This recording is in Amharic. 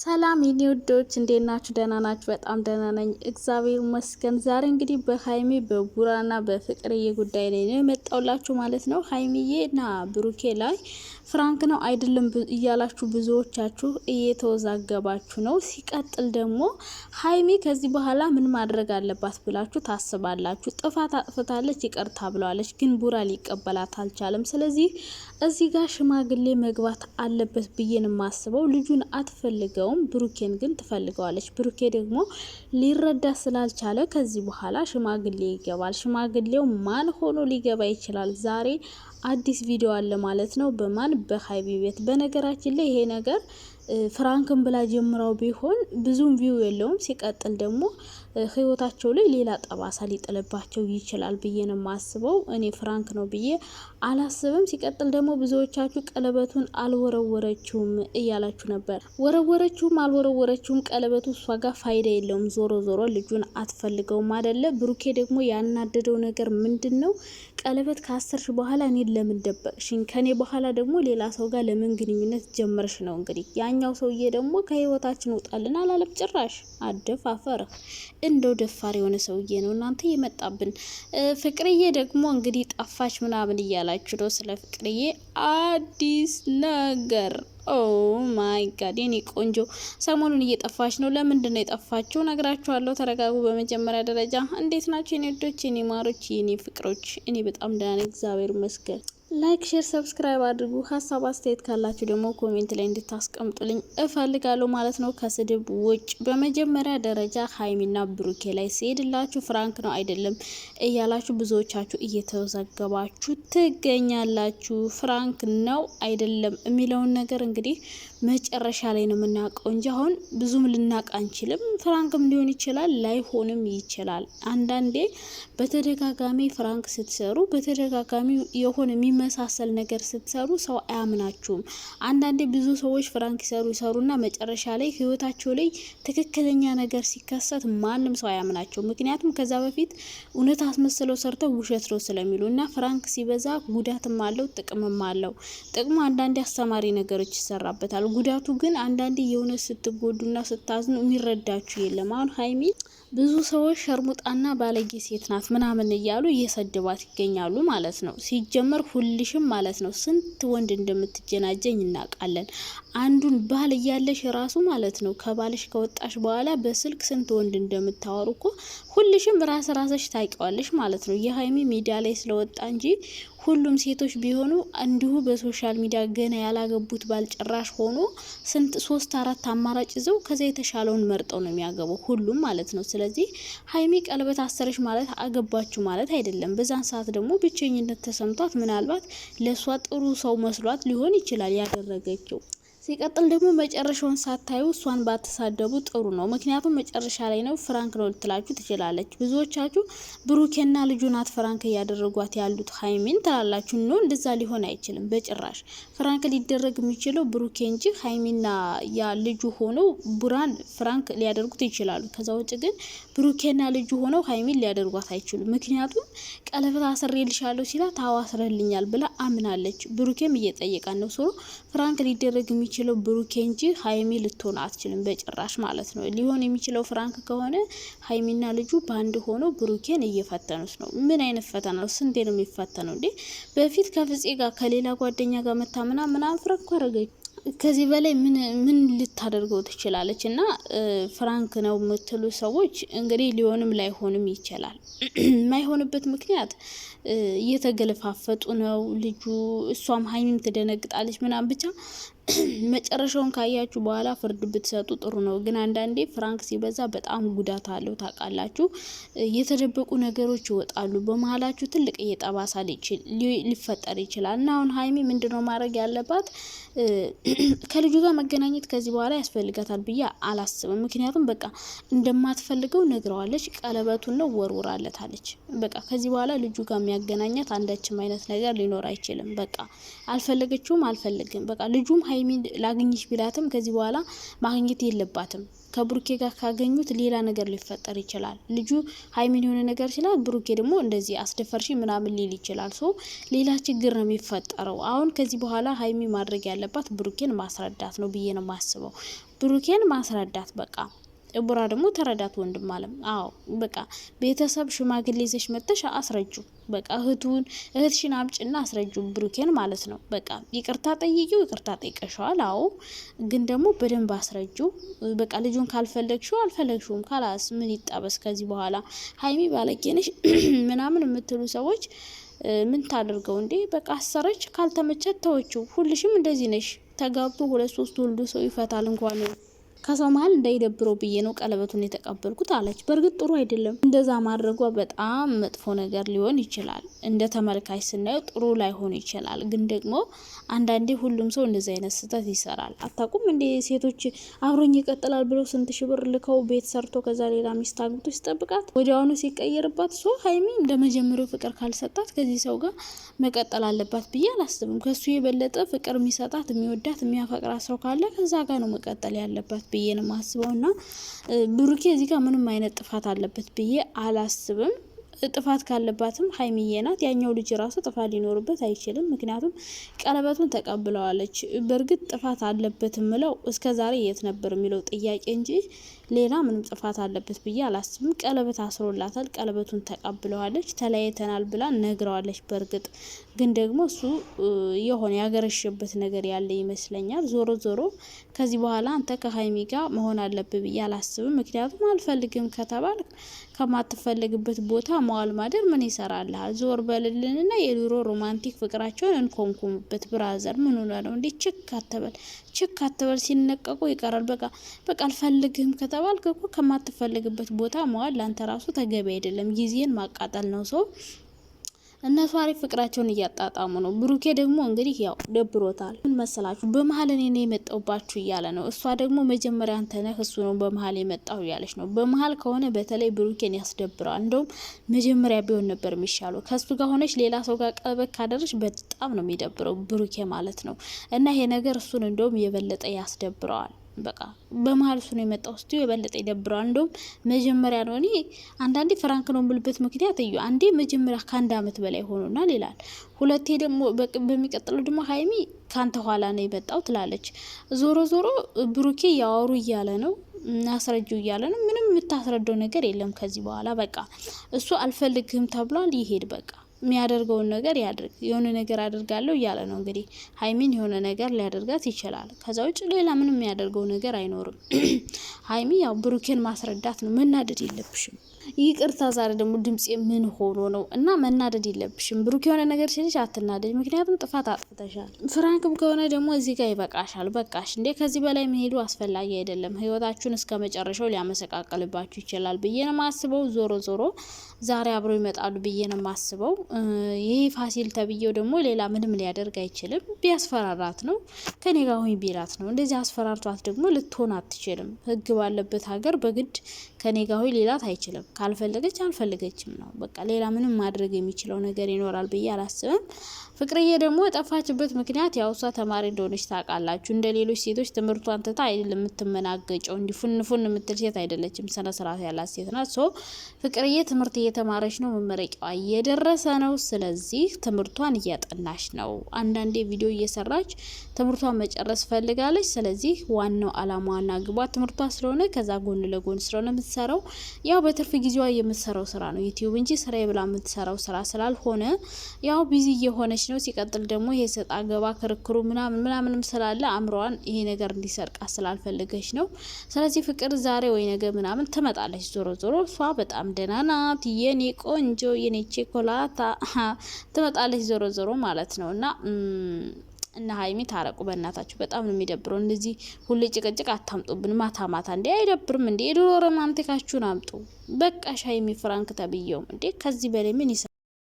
ሰላም የኔ ውዶች እንዴት ናችሁ? ደህና ናችሁ? በጣም ደህና ነኝ፣ እግዚአብሔር ይመስገን። ዛሬ እንግዲህ በሀይሚ በቡራና በፍቅርዬ ጉዳይ ላይ ነው የመጣውላችሁ ማለት ነው። ሀይሚዬና ብሩኬ ላይ ፍራንክ ነው አይደለም እያላችሁ ብዙዎቻችሁ እየተወዛገባችሁ ነው። ሲቀጥል ደግሞ ሀይሚ ከዚህ በኋላ ምን ማድረግ አለባት ብላችሁ ታስባላችሁ? ጥፋት አጥፍታለች፣ ይቅርታ ብለዋለች፣ ግን ቡራ ሊቀበላት አልቻለም። ስለዚህ እዚህ ጋር ሽማግሌ መግባት አለበት ብዬን ማስበው ልጁን አትፈልገው አትፈልገውም። ብሩኬን ግን ትፈልገዋለች። ብሩኬ ደግሞ ሊረዳ ስላልቻለ ከዚህ በኋላ ሽማግሌ ይገባል። ሽማግሌው ማን ሆኖ ሊገባ ይችላል? ዛሬ አዲስ ቪዲዮ አለ ማለት ነው። በማን በሀይቢ ቤት። በነገራችን ላይ ይሄ ነገር ፍራንክን ብላ ጀምራው ቢሆን ብዙም ቪው የለውም። ሲቀጥል ደግሞ ህይወታቸው ላይ ሌላ ጠባሳ ሊጥልባቸው ይችላል ብዬ ነው የማስበው። እኔ ፍራንክ ነው ብዬ አላስብም። ሲቀጥል ደግሞ ብዙዎቻችሁ ቀለበቱን አልወረወረችውም እያላችሁ ነበር። ወረወረችውም አልወረወረችውም ቀለበቱ እሷ ጋር ፋይዳ የለውም። ዞሮ ዞሮ ልጁን አትፈልገውም አደለ? ብሩኬ ደግሞ ያናደደው ነገር ምንድን ነው? ቀለበት ከአስርሽ በኋላ እኔን ለምን ደበቅሽኝ? ከኔ በኋላ ደግሞ ሌላ ሰው ጋር ለምን ግንኙነት ጀመርሽ ነው እንግዲህ። ያኛው ሰውዬ ደግሞ ከህይወታችን ውጣልን አላለም ጭራሽ። አደፋፈርህ እንደው ደፋር የሆነ ሰውዬ ነው እናንተ የመጣብን። ፍቅርዬ ደግሞ እንግዲህ ጠፋች ምናምን እያላችሁ ነው። ስለ ፍቅርዬ አዲስ ነገር ኦ ማይ ጋድ የኔ ቆንጆ ሰሞኑን እየጠፋች ነው። ለምንድን ነው የጠፋችው? ነግራችኋለሁ። ተረጋጉ። በመጀመሪያ ደረጃ እንዴት ናቸው የኔ ወዶች፣ የኔ ማሮች፣ የኔ ፍቅሮች? እኔ በጣም ደህና ነኝ፣ እግዚአብሔር ይመስገን። ላይክ፣ ሼር፣ ሰብስክራይብ አድርጉ። ሀሳብ አስተያየት ካላችሁ ደግሞ ኮሜንት ላይ እንድታስቀምጡልኝ እፈልጋለሁ ማለት ነው። ከስድብ ውጭ በመጀመሪያ ደረጃ ሀይሚና ብሩኬ ላይ ሲሄድላችሁ ፍራንክ ነው አይደለም እያላችሁ ብዙዎቻችሁ እየተዘገባችሁ ትገኛላችሁ። ፍራንክ ነው አይደለም የሚለውን ነገር እንግዲህ መጨረሻ ላይ ነው የምናውቀው እንጂ አሁን ብዙም ልናቅ አንችልም። ፍራንክም ሊሆን ይችላል ላይሆንም ይችላል። አንዳንዴ በተደጋጋሚ ፍራንክ ስትሰሩ፣ በተደጋጋሚ የሆነ የሚመሳሰል ነገር ስትሰሩ ሰው አያምናችሁም። አንዳንዴ ብዙ ሰዎች ፍራንክ ይሰሩ ይሰሩና መጨረሻ ላይ ህይወታቸው ላይ ትክክለኛ ነገር ሲከሰት ማንም ሰው አያምናቸው። ምክንያቱም ከዛ በፊት እውነት አስመስለው ሰርተው ውሸት ነው ስለሚሉ እና ፍራንክ ሲበዛ ጉዳትም አለው ጥቅምም አለው። ጥቅሙ አንዳንዴ አስተማሪ ነገሮች ይሰራበታል ይችላል። ጉዳቱ ግን አንዳንዴ የሆነ ስትጎዱና ስታዝኑ የሚረዳችሁ የለም። አሁን ሀይሚ ብዙ ሰዎች ሸርሙጣና ባለጌ ሴት ናት ምናምን እያሉ እየሰድባት ይገኛሉ ማለት ነው። ሲጀመር ሁልሽም ማለት ነው ስንት ወንድ እንደምትጀናጀኝ እናውቃለን። አንዱን ባል እያለሽ ራሱ ማለት ነው ከባልሽ ከወጣሽ በኋላ በስልክ ስንት ወንድ እንደምታወሩ እኮ ሁልሽም ራስ ራሰሽ ታውቂዋለሽ ማለት ነው። የሀይሚ ሚዲያ ላይ ስለወጣ እንጂ ሁሉም ሴቶች ቢሆኑ እንዲሁ በሶሻል ሚዲያ ገና ያላገቡት ባልጨራሽ ሆኖ ስንት ሶስት አራት አማራጭ ይዘው ከዚያ የተሻለውን መርጠው ነው የሚያገበው ሁሉም ማለት ነው። ስለዚህ ሀይሚ ቀለበት አሰረች ማለት አገባችሁ ማለት አይደለም። በዛን ሰዓት ደግሞ ብቸኝነት ተሰምቷት ምናልባት ለእሷ ጥሩ ሰው መስሏት ሊሆን ይችላል ያደረገችው። ሲቀጥል ደግሞ መጨረሻውን ሳታዩ እሷን ባትሳደቡ ጥሩ ነው። ምክንያቱም መጨረሻ ላይ ነው ፍራንክ ነው ልትላችሁ ትችላለች። ብዙዎቻችሁ ብሩኬና ልጁ ናት ፍራንክ እያደረጓት ያሉት ሀይሚን ትላላችሁ። ነው እንደዛ ሊሆን አይችልም በጭራሽ። ፍራንክ ሊደረግ የሚችለው ብሩኬ እንጂ ሀይሚና ያ ልጁ ሆነው ቡራን ፍራንክ ሊያደርጉት ይችላሉ። ከዛ ውጭ ግን ብሩኬና ልጁ ሆነው ሀይሚን ሊያደርጓት አይችሉም። ምክንያቱም ቀለበት አስሬልሻለሁ ሲላት አዎ አስረልኛል ብላ አምናለች። ብሩኬም እየጠየቃ ነው። ፍራንክ ሊደረግ የሚችል የሚችለው ብሩኬ እንጂ ሀይሚ ልትሆን አትችልም በጭራሽ ማለት ነው። ሊሆን የሚችለው ፍራንክ ከሆነ ሀይሚና ልጁ በአንድ ሆነው ብሩኬን እየፈተኑት ነው። ምን አይነት ፈተና ነው? ስንዴ ነው የሚፈተነው እንዴ? በፊት ከፍጼ ጋር ከሌላ ጓደኛ ጋር መታ ምና ምናም ፍረኳ አረገች። ከዚህ በላይ ምን ልታደርገው ትችላለች? እና ፍራንክ ነው የምትሉ ሰዎች እንግዲህ ሊሆንም ላይሆንም ይችላል። የማይሆንበት ምክንያት እየተገለፋፈጡ ነው ልጁ፣ እሷም ሀይሚም ትደነግጣለች ምናምን ብቻ መጨረሻውን ካያችሁ በኋላ ፍርድ ብትሰጡ ጥሩ ነው። ግን አንዳንዴ ፍራንክ ሲበዛ በጣም ጉዳት አለው ታውቃላችሁ። የተደበቁ ነገሮች ይወጣሉ። በመሀላችሁ ትልቅ እየጠባሳ ሊፈጠር ይችላል እና አሁን ሀይሚ ምንድነው ማድረግ ያለባት? ከልጁ ጋር መገናኘት ከዚህ በኋላ ያስፈልጋታል ብዬ አላስብም። ምክንያቱም በቃ እንደማትፈልገው ነግረዋለች። ቀለበቱን ነው ወርውራለታለች። በቃ ከዚህ በኋላ ልጁ ጋር የሚያገናኛት አንዳችም አይነት ነገር ሊኖር አይችልም። በቃ አልፈለገችውም፣ አልፈልግም በቃ ልጁም ሀይሚ ላገኝሽ ቢላትም ከዚህ በኋላ ማግኘት የለባትም። ከብሩኬ ጋር ካገኙት ሌላ ነገር ሊፈጠር ይችላል። ልጁ ሀይሚን የሆነ ነገር ይችላል፣ ብሩኬ ደግሞ እንደዚህ አስደፈርሽ ምናምን ሊል ይችላል። ሶ ሌላ ችግር ነው የሚፈጠረው። አሁን ከዚህ በኋላ ሀይሚ ማድረግ ያለባት ብሩኬን ማስረዳት ነው ብዬ ነው የማስበው። ብሩኬን ማስረዳት በቃ ቡራ ደግሞ ተረዳት ወንድም አለም። አዎ በቃ ቤተሰብ ሽማግሌ ይዘሽ መጥተሽ አስረጁ። በቃ እህቱን እህትሽን አምጭና አስረጁ ብሩኬን ማለት ነው። በቃ ይቅርታ ጠይቂው፣ ይቅርታ ጠይቀሸዋል። አዎ ግን ደግሞ በደንብ አስረጁ። በቃ ልጁን ካልፈለግሽው አልፈለግሽውም፣ ካላስ ምን ይጣበስ ከዚህ በኋላ ሀይሚ ባለጌነሽ ምናምን የምትሉ ሰዎች ምን ታደርገው እንዴ? በቃ አሰረች። ካልተመቸት ተወችው። ሁልሽም እንደዚህ ነሽ። ተጋብቶ ሁለት ሶስት ወልዶ ሰው ይፈታል እንኳን ከሰው መሀል እንዳይደብረው ብዬ ነው ቀለበቱን የተቀበልኩት አለች። በእርግጥ ጥሩ አይደለም፣ እንደዛ ማድረጓ በጣም መጥፎ ነገር ሊሆን ይችላል። እንደ ተመልካች ስናየው ጥሩ ላይሆን ይችላል። ግን ደግሞ አንዳንዴ ሁሉም ሰው እንደዚ አይነት ስህተት ይሰራል። አታቁም እንዴ ሴቶች አብሮኝ ይቀጥላል ብለው ስንት ሺህ ብር ልከው ቤት ሰርቶ ከዛ ሌላ ሚስት አግብቶ ሲጠብቃት ወዲያውኑ ሲቀየርባት ሶ ሀይሚ እንደ መጀመሪያው ፍቅር ካልሰጣት ከዚህ ሰው ጋር መቀጠል አለባት ብዬ አላስብም። ከሱ የበለጠ ፍቅር የሚሰጣት የሚወዳት የሚያፈቅራት ሰው ካለ ከዛ ጋር ነው መቀጠል ያለባት። ብዬ ነው ማስበው። እና ብሩኬ እዚህ ጋር ምንም አይነት ጥፋት አለበት ብዬ አላስብም። ጥፋት ካለባትም ሀይሚዬ ናት። ያኛው ልጅ ራሱ ጥፋት ሊኖርበት አይችልም። ምክንያቱም ቀለበቱን ተቀብለዋለች። በእርግጥ ጥፋት አለበት ምለው እስከ ዛሬ የት ነበር የሚለው ጥያቄ እንጂ ሌላ ምንም ጥፋት አለበት ብዬ አላስብም። ቀለበት አስሮላታል። ቀለበቱን ተቀብለዋለች። ተለያይተናል ብላ ነግረዋለች። በእርግጥ ግን ደግሞ እሱ የሆነ ያገረሸበት ነገር ያለ ይመስለኛል። ዞሮ ዞሮ ከዚህ በኋላ አንተ ከሀይሚ ጋር መሆን አለብህ ብዬ አላስብም። ምክንያቱም አልፈልግም ከተባል ከማትፈልግበት ቦታ መዋል ማደር ምን ይሰራልሃል? ዞር በልልንና የድሮ ሮማንቲክ ፍቅራቸውን እንኮንኩምበት። ብራዘር ምን ሆነ ነው እንዴ? ችክ አትበል ችክ አትበል። ሲነቀቁ ይቀራል። በቃ በቃ አልፈልግህም ከተባል ከማትፈልግበት ቦታ መዋል ለአንተ ራሱ ተገቢ አይደለም። ጊዜን ማቃጠል ነው ሰው እነሱ አሪፍ ፍቅራቸውን እያጣጣሙ ነው። ብሩኬ ደግሞ እንግዲህ ያው ደብሮታል። ምን መሰላችሁ በመሀል እኔ ነው የመጣውባችሁ እያለ ነው። እሷ ደግሞ መጀመሪያ አንተ ነህ እሱ ነው በመሀል የመጣው እያለች ነው። በመሀል ከሆነ በተለይ ብሩኬን ያስደብረዋል። እንደውም መጀመሪያ ቢሆን ነበር የሚሻለው። ከሱ ጋር ሆነች ሌላ ሰው ጋር ቀበክ ካደረች በጣም ነው የሚደብረው ብሩኬ ማለት ነው። እና ይሄ ነገር እሱን እንደውም የበለጠ ያስደብረዋል። በቃ በመሀል እሱ ነው የመጣው። ስቲ የበለጠ ይደብረዋል። እንደውም መጀመሪያ ነው እኔ አንዳንዴ ፍራንክ ነው የምልበት ምክንያት እዩ፣ አንዴ መጀመሪያ ከአንድ አመት በላይ ሆኖናል ይላል። ሁለቴ ደግሞ በሚቀጥለው ደግሞ ሀይሚ ከአንተ ኋላ ነው የመጣው ትላለች። ዞሮ ዞሮ ብሩኬ ያወሩ እያለ ነው እናስረጁ እያለ ነው። ምንም የምታስረዳው ነገር የለም ከዚህ በኋላ በቃ እሱ አልፈልግህም ተብሏል። ይሄድ በቃ የሚያደርገውን ነገር ያድርግ። የሆነ ነገር አድርጋለሁ እያለ ነው እንግዲህ ሀይሚን የሆነ ነገር ሊያደርጋት ይችላል። ከዛ ውጭ ሌላ ምንም የሚያደርገው ነገር አይኖርም። ሀይሚ ያው ብሩኬን ማስረዳት ነው። መናደድ የለብሽም። ይቅርታ፣ ዛሬ ደግሞ ድምፅ ምን ሆኖ ነው? እና መናደድ የለብሽም ብሩክ፣ የሆነ ነገር ሲልሽ አትናደድ፣ ምክንያቱም ጥፋት አጥፍተሻል። ፍራንክም ከሆነ ደግሞ እዚህ ጋር ይበቃሻል፣ በቃሽ እንዴ! ከዚህ በላይ መሄዱ አስፈላጊ አይደለም። ህይወታችሁን እስከ መጨረሻው ሊያመሰቃቅልባችሁ ይችላል ብዬ ነው ማስበው። ዞሮ ዞሮ ዛሬ አብረው ይመጣሉ ብዬ ነው ማስበው። ይህ ፋሲል ተብዬው ደግሞ ሌላ ምንም ሊያደርግ አይችልም። ቢያስፈራራት ነው ከኔ ጋር ሁኝ ቢላት ነው። እንደዚህ አስፈራርቷት ደግሞ ልትሆን አትችልም። ህግ ባለበት ሀገር በግድ ከኔ ጋር ሆይ ሌላት አይችልም። ካልፈለገች አልፈለገችም ነው በቃ። ሌላ ምንም ማድረግ የሚችለው ነገር ይኖራል ብዬ አላስብም። ፍቅርዬ ደግሞ የጠፋችበት ምክንያት ያው እሷ ተማሪ እንደሆነች ታውቃላችሁ። እንደ ሌሎች ሴቶች ትምህርቷን ትታ አይደለም የምትመናገጨው፣ እንዲህ የምትል ሴት አይደለችም። ስነ ስርዓት ያላት ሴት ናት። ሶ ፍቅርዬ ትምህርት እየተማረች ነው፣ መመረቂያዋ እየደረሰ ነው። ስለዚህ ትምህርቷን እያጠናች ነው። አንዳንዴ ቪዲዮ እየሰራች ትምህርቷን መጨረስ ፈልጋለች። ስለዚህ ዋናው አላማዋና ግቧ ትምህርቷ ስለሆነ ከዛ ጎን ለጎን ስለሆነ የምትሰራው ያው በትርፍ ጊዜዋ የምትሰራው ስራ ነው ዩቲዩብ እንጂ ስራ የብላ የምትሰራው ስራ ስላልሆነ ያው ቢዚ እየሆነች ነው። ሲቀጥል ደግሞ ሰጣ አገባ ክርክሩ ምናምን ምናምንም ስላለ አእምሮዋን ይሄ ነገር እንዲሰርቃ ስላልፈለገች ነው። ስለዚህ ፍቅር ዛሬ ወይ ነገ ምናምን ትመጣለች። ዞሮ ዞሮ እሷ በጣም ደህና ናት፣ የኔ ቆንጆ፣ የኔ ቼኮላታ ትመጣለች። ዞሮ ዞሮ ማለት ነው እና እና ሀይሚ ታረቁ፣ በእናታችሁ በጣም ነው የሚደብረው። እንደዚህ ሁሌ ጭቅጭቅ አታምጡብን ማታ ማታ። እንዴ አይደብርም እንዴ? የድሮ ሮማንቲካችሁን አምጡ። በቃ ሻይሚ ተብየውም እንዴ ከዚህ በላይ ምን ይሰ